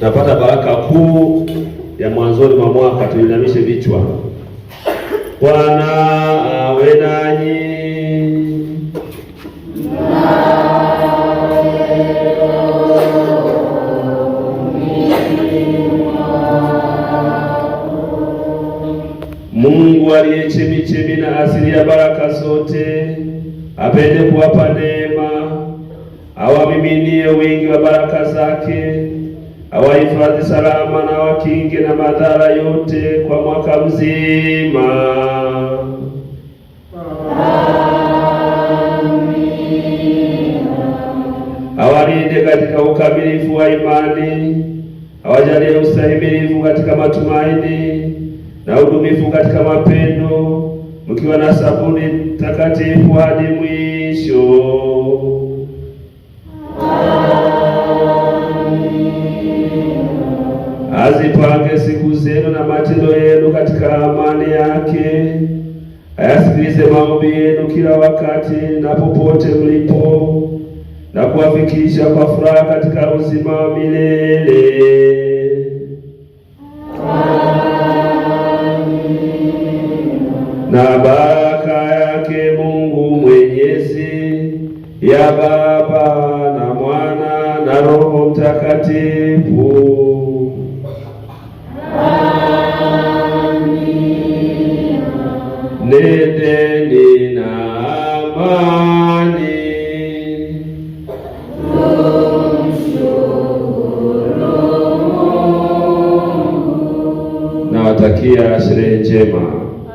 Napata baraka kuu ya mwanzoni mwa mwaka. Tuinamishe vichwa. Bwana awe nanyi. Mungu aliye chemichemi na asili ya baraka zote apende kuwapa neema awamiminie wingi wa baraka zake, awahifadhi salama na wakinge na madhara yote kwa mwaka mzima. Amina. Awalinde katika ukamilifu wa imani, awajalie ustahimilivu katika matumaini na udumifu katika mapendo, mkiwa na sabuni takatifu hadi mwisho. azipange siku zenu na matendo yenu katika amani yake, ayasikilize maombi yenu kila wakati na popote mlipo, na kuwafikisha kwa furaha katika uzima wa milele. Na baraka yake Mungu Mwenyezi ya Baba na Mwana na Roho Mtakatifu nendeni na amani. Nawatakia sherehe njema.